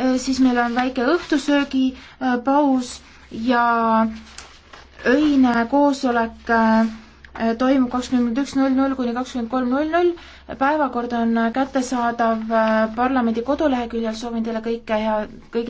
Äh, siis meil on väike õhtusöögipaus äh, ja öine koosolek äh, toimub kakskümmend üks null null kuni kakskümmend kolm null null. päevakord on kättesaadav parlamendi koduleheküljel, soovin teile kõike head, kõike